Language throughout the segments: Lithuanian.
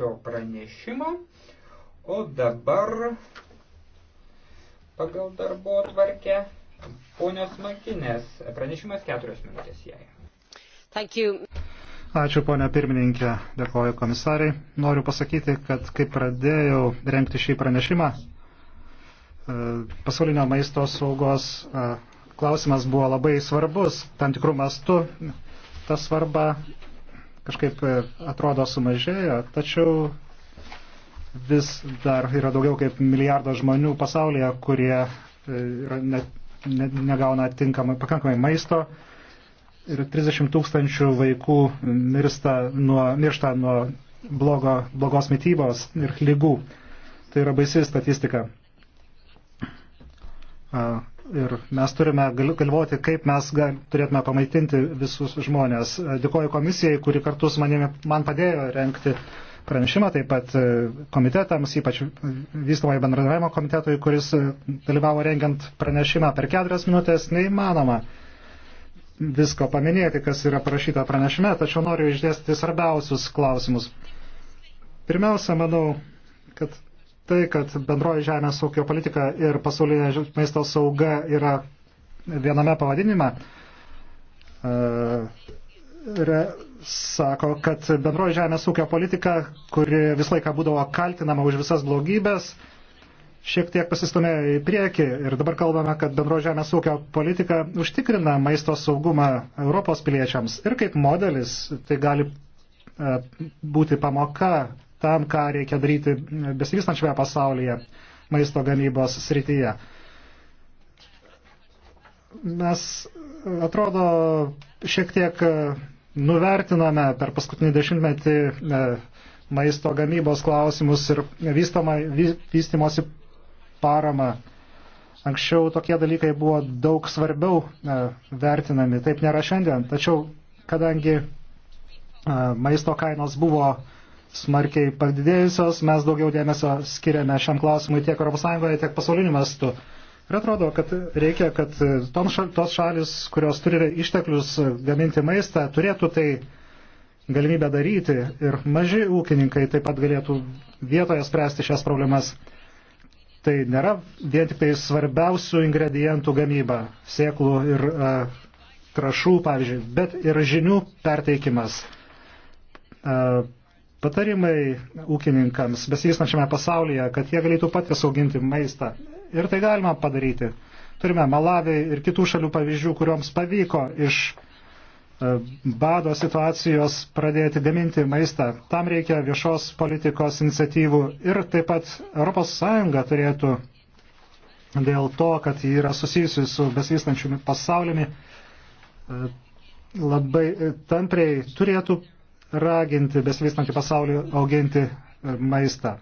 šio pranešimo. O dabar pagal darbo atvarkę ponios Makinės pranešimas keturios minutės jai. Thank you. Ačiū, ponia pirmininkė, dėkoju komisarai. Noriu pasakyti, kad kai pradėjau renkti šį pranešimą, e, pasaulinio maisto saugos e, klausimas buvo labai svarbus, tam tikrų mastų ta svarba kažkaip e, atrodo sumažėjo, tačiau vis dar yra daugiau kaip milijardas žmonių pasaulyje, kurie ne, ne, negauna tinkamai, pakankamai maisto ir 30 tūkstančių vaikų miršta nuo, miršta nuo blogo, blogos mytybos ir lygų. Tai yra baisi statistika ir mes turime galvoti, kaip mes gal, turėtume pamaitinti visus žmonės. Dėkoju komisijai, kuri kartu su manimi man padėjo renkti pranešimą, taip pat e, komitetams, ypač vystamojo bendradavimo komitetui, kuris e, dalyvavo rengiant pranešimą per keturias minutės, neįmanoma visko paminėti, kas yra parašyta pranešime, tačiau noriu išdėstyti svarbiausius klausimus. Pirmiausia, manau, kad tai, kad bendroji žemės ūkio politika ir pasaulinė maisto sauga yra viename pavadinime, e, re, sako, kad bendroji žemės ūkio politika, kuri visą laiką būdavo kaltinama už visas blogybės, šiek tiek pasistumėjo į priekį ir dabar kalbame, kad bendroji žemės ūkio politika užtikrina maisto saugumą Europos piliečiams ir kaip modelis tai gali e, būti pamoka tam, ką reikia daryti besivystančiame pasaulyje maisto gamybos srityje. Mes atrodo šiek tiek nuvertiname per paskutinį dešimtmetį e, maisto gamybos klausimus ir vystama, vy, vystimosi paramą. Anksčiau tokie dalykai buvo daug svarbiau e, vertinami, taip nėra šiandien. Tačiau, kadangi e, maisto kainos buvo smarkiai padidėjusios, mes daugiau dėmesio skiriame šiam klausimui tiek ES, tiek pasauliniu mastu. Ir atrodo, kad reikia, kad šal, tos šalis, kurios turi išteklius gaminti maistą, turėtų tai galimybę daryti ir maži ūkininkai taip pat galėtų vietoje spręsti šias problemas. Tai nėra vien tik tai svarbiausių ingredientų gamyba, sėklų ir a, e, trašų, pavyzdžiui, bet ir žinių perteikimas. A, e, Patarimai ūkininkams besivystančiame pasaulyje, kad jie galėtų patys auginti maistą. Ir tai galima padaryti. Turime Malavį ir kitų šalių pavyzdžių, kuriuoms pavyko iš e, bado situacijos pradėti gaminti maistą. Tam reikia viešos politikos iniciatyvų ir taip pat ES turėtų dėl to, kad ji yra susijusi su besivystančiumi pasauliumi, e, labai tampriai turėtų raginti besivystantį pasaulį auginti e, maistą.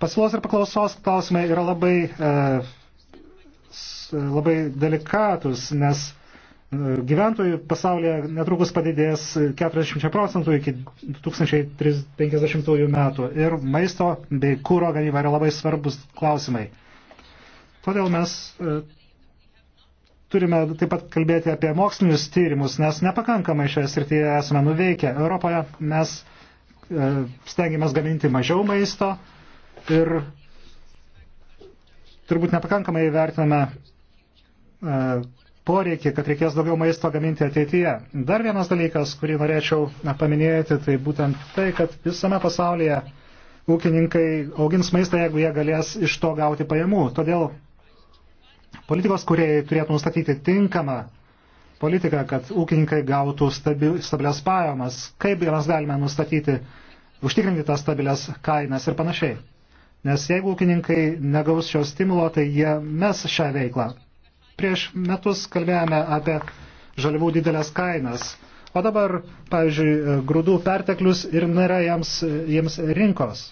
Pasiūlos ir paklausos klausimai yra labai, e, e labai delikatus, nes e, gyventojų pasaulyje netrukus padidės 40 procentų iki 2050 metų ir maisto bei kūro gamyba yra labai svarbus klausimai. Todėl mes turime taip pat kalbėti apie mokslinius tyrimus, nes nepakankamai šioje srityje esame nuveikę. Europoje mes e, stengiamės gaminti mažiau maisto ir turbūt nepakankamai vertiname e, poreikį, kad reikės daugiau maisto gaminti ateityje. Dar vienas dalykas, kurį norėčiau paminėti, tai būtent tai, kad visame pasaulyje ūkininkai augins maistą, jeigu jie galės iš to gauti pajamų. Todėl Politikos kuriejai turėtų nustatyti tinkamą politiką, kad ūkininkai gautų stabi, stabilias pajamas, kaip mes galime nustatyti, užtikrinti tas stabilias kainas ir panašiai. Nes jeigu ūkininkai negaus šio stimulo, tai jie mes šią veiklą. Prieš metus kalbėjome apie žaliavų didelės kainas, o dabar, pavyzdžiui, grūdų perteklius ir nėra jiems, jiems rinkos.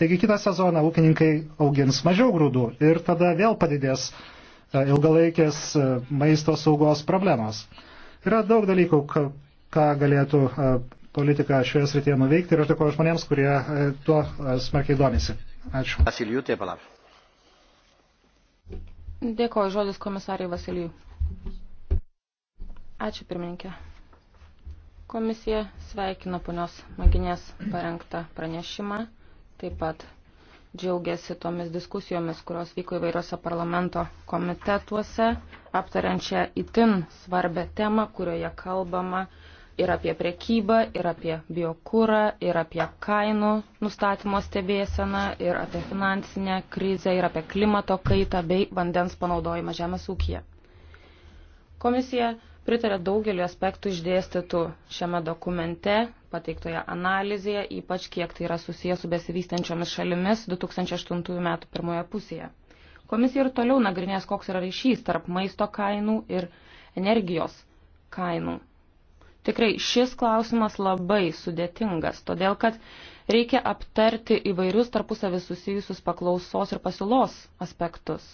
Taigi kitą sezoną ūkininkai augins mažiau grūdų ir tada vėl padidės uh, E, ilgalaikės e, maisto saugos problemos. Yra daug dalykų, ką galėtų e, politika šioje srityje nuveikti ir aš dėkuoju žmonėms, kurie tuo smarkiai domisi. Ačiū. Vasilijų, taip palauk. Dėkuoju žodis komisariai Vasilijų. Ačiū pirmininkė. Komisija sveikina ponios Maginės parengtą pranešimą, taip pat džiaugiasi tomis diskusijomis, kurios vyko įvairiose parlamento komitetuose, aptariančią itin svarbę temą, kurioje kalbama ir apie priekybą, ir apie biokūrą, ir apie kainų nustatymo stebėseną, ir apie finansinę krizę, ir apie klimato kaitą bei vandens panaudojimą žemės ūkiją. Komisija pritarė daugelį aspektų išdėstytų šiame dokumente pateiktoje analizėje, ypač kiek tai yra susijęs su besivystančiomis šalimis 2008 metų pirmoje pusėje. Komisija ir toliau nagrinės, koks yra ryšys tarp maisto kainų ir energijos kainų. Tikrai šis klausimas labai sudėtingas, todėl kad reikia aptarti įvairius tarpusavį susijusius paklausos ir pasiūlos aspektus.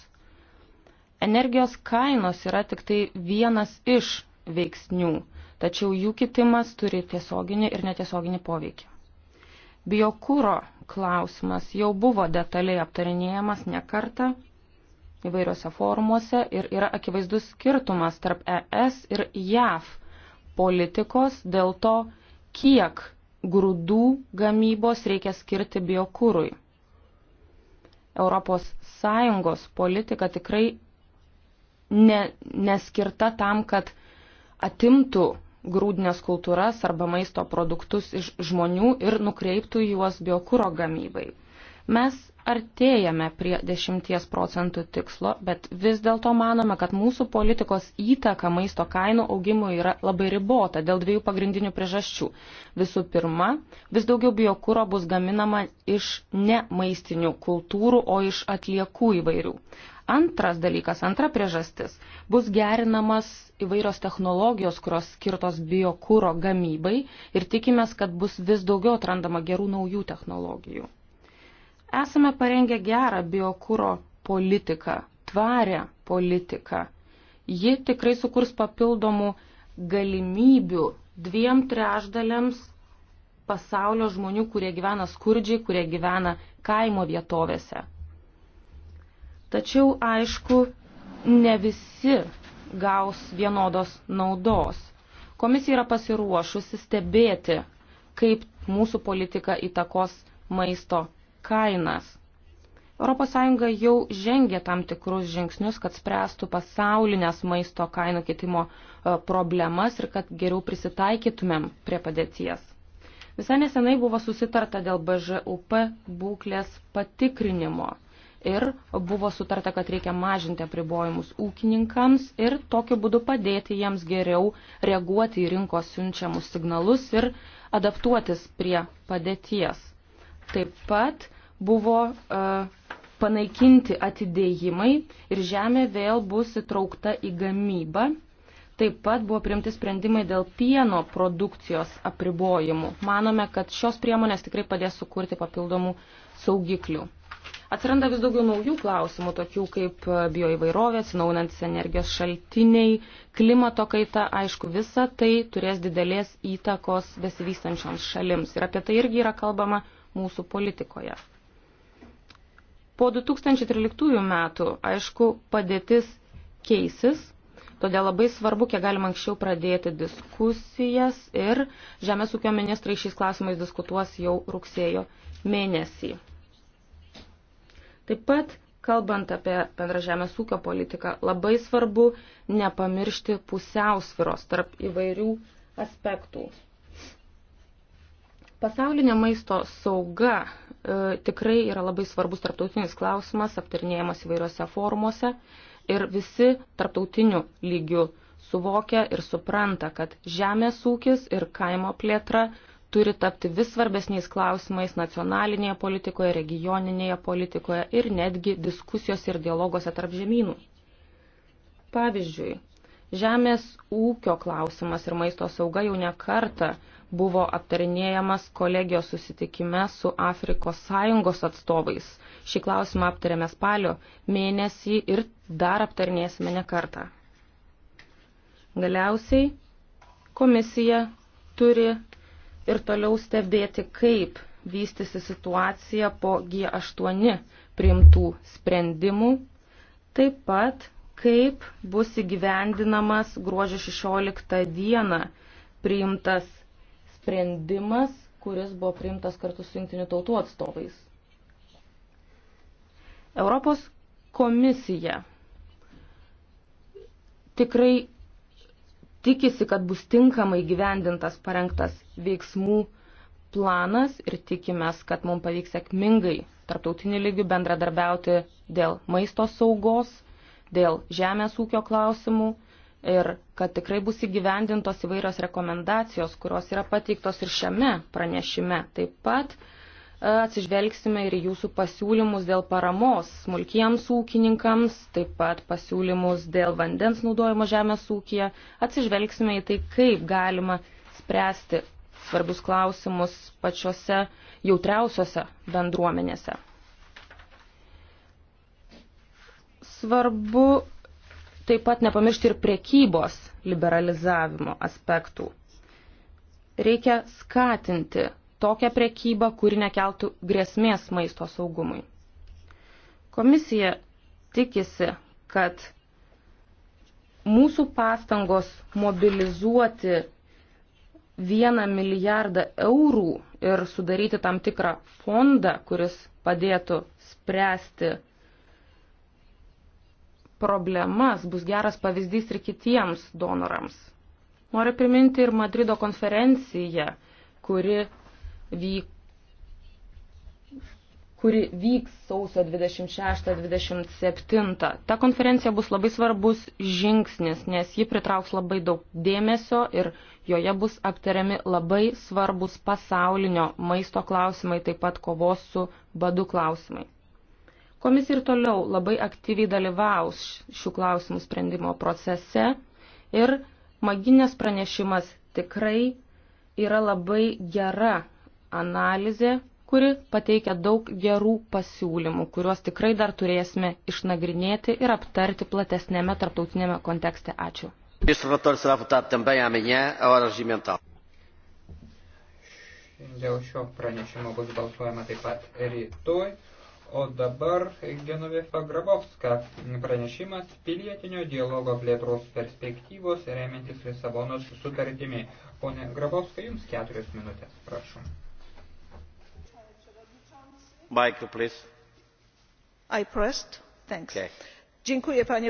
Energijos kainos yra tik tai vienas iš veiksnių tačiau jų kitimas turi tiesioginį ir netiesioginį poveikį. Biokūro klausimas jau buvo detaliai aptarinėjamas ne kartą įvairiose formuose ir yra akivaizdus skirtumas tarp ES ir JAV politikos dėl to, kiek grūdų gamybos reikia skirti biokūrui. ES politika tikrai ne, neskirta tam, kad atimtų grūdinės kultūras arba maisto produktus iš žmonių ir nukreiptų juos biokūro gamybai. Mes artėjame prie 10 procentų tikslo, bet vis dėlto manome, kad mūsų politikos įtaka maisto kainų augimui yra labai ribota dėl dviejų pagrindinių priežasčių. Visų pirma, vis daugiau biokūro bus gaminama iš ne maistinių kultūrų, o iš atliekų įvairių. Antras dalykas, antra priežastis, bus gerinamas įvairios technologijos, kurios skirtos biokūro gamybai ir tikimės, kad bus vis daugiau atrandama gerų naujų technologijų. Esame parengę gerą biokūro politiką, tvarę politiką. Ji tikrai sukurs papildomų galimybių dviem trešdaliams pasaulio žmonių, kurie gyvena skurdžiai, kurie gyvena kaimo vietovėse. Tačiau, aišku, ne visi gaus vienodos naudos. Komisija yra pasiruošusi stebėti, kaip mūsų politika įtakos maisto kainas. ES jau žengė tam tikrus žingsnius, kad spręstų pasaulinės maisto kainų kitimo e, problemas ir kad geriau prisitaikytumėm prie padėties. Visai nesenai buvo susitarta dėl BŽUP būklės patikrinimo ir buvo sutarta, kad reikia mažinti apribojimus ūkininkams ir tokiu būdu padėti jiems geriau reaguoti į rinkos siunčiamus signalus ir adaptuotis prie padėties. Taip pat buvo uh, panaikinti atidėjimai ir žemė vėl bus įtraukta į gamybą. Taip pat buvo priimti sprendimai dėl pieno produkcijos apribojimų. Manome, kad šios priemonės tikrai padės sukurti papildomų saugiklių. Atsiranda vis daugiau naujų klausimų, tokių kaip bioįvairovė, atsinaujantis energijos šaltiniai, klimato kaita, aišku, visa tai turės didelės įtakos besivystančioms šalims. Ir apie tai irgi yra kalbama mūsų politikoje. Po 2013 metų, aišku, padėtis keisis, todėl labai svarbu, kiek galima anksčiau pradėti diskusijas ir Žemės ūkio ministrai šiais klausimais diskutuos jau rugsėjo mėnesį. Taip pat, kalbant apie bendrą žemės ūkio politiką, labai svarbu nepamiršti pusiausviros tarp įvairių aspektų. Pasaulinė maisto sauga e, tikrai yra labai svarbus tarptautinis klausimas, aptarinėjamas įvairiose formuose ir visi tarptautiniu lygiu suvokia ir supranta, kad žemės ūkis ir kaimo plėtra turi tapti vis svarbesniais klausimais nacionalinėje politikoje, regioninėje politikoje ir netgi diskusijos ir dialogose tarp žemynų. Pavyzdžiui, žemės ūkio klausimas ir maisto sauga jau ne kartą buvo aptarinėjamas kolegijos susitikime su Afrikos Sąjungos atstovais. Šį klausimą aptarėme spalio mėnesį ir dar aptarinėsime ne kartą. Galiausiai komisija turi ir toliau stebėti, kaip vystysi situacija po G8 priimtų sprendimų, taip pat kaip bus įgyvendinamas gruožio 16 dieną priimtas sprendimas, kuris buvo priimtas kartu su jungtinių tautų atstovais. Europos komisija tikrai tikisi, kad bus tinkamai gyvendintas parengtas veiksmų planas ir tikimės, kad mums pavyks sėkmingai tarptautiniu lygiu bendradarbiauti dėl maisto saugos, dėl žemės ūkio klausimų ir kad tikrai bus įgyvendintos įvairios rekomendacijos, kurios yra pateiktos ir šiame pranešime. Taip pat atsižvelgsime ir jūsų pasiūlymus dėl paramos smulkiems ūkininkams, taip pat pasiūlymus dėl vandens naudojimo žemės ūkija. Atsižvelgsime į tai, kaip galima spręsti svarbus klausimus pačiose jautriausiose bendruomenėse. Svarbu taip pat nepamiršti ir prekybos liberalizavimo aspektų. Reikia skatinti tokią prekybą, kuri nekeltų grėsmės maisto saugumui. Komisija tikisi, kad mūsų pastangos mobilizuoti vieną milijardą eurų ir sudaryti tam tikrą fondą, kuris padėtų spręsti problemas, bus geras pavyzdys ir kitiems donorams. Noriu priminti ir Madrido konferenciją, kuri vyk, kuri vyks sausio 26-27. Ta konferencija bus labai svarbus žingsnis, nes ji pritrauks labai daug dėmesio ir joje bus aptariami labai svarbus pasaulinio maisto klausimai, taip pat kovos su badu klausimai. Komisija ir toliau labai aktyviai dalyvaus šių klausimų sprendimo procese ir maginės pranešimas tikrai yra labai gera analizė, kuri pateikia daug gerų pasiūlymų, kuriuos tikrai dar turėsime išnagrinėti ir aptarti platesnėme tarptautinėme kontekste. Ačiū. Dėl šio pranešimo bus balsuojama taip pat rytoj. O dabar Genovefa Grabovska pranešimas pilietinio dialogo plėtros perspektyvos remiantis Lisabonos sutartimi. Pone Grabovska, jums keturios minutės, prašom panie przewodniczący!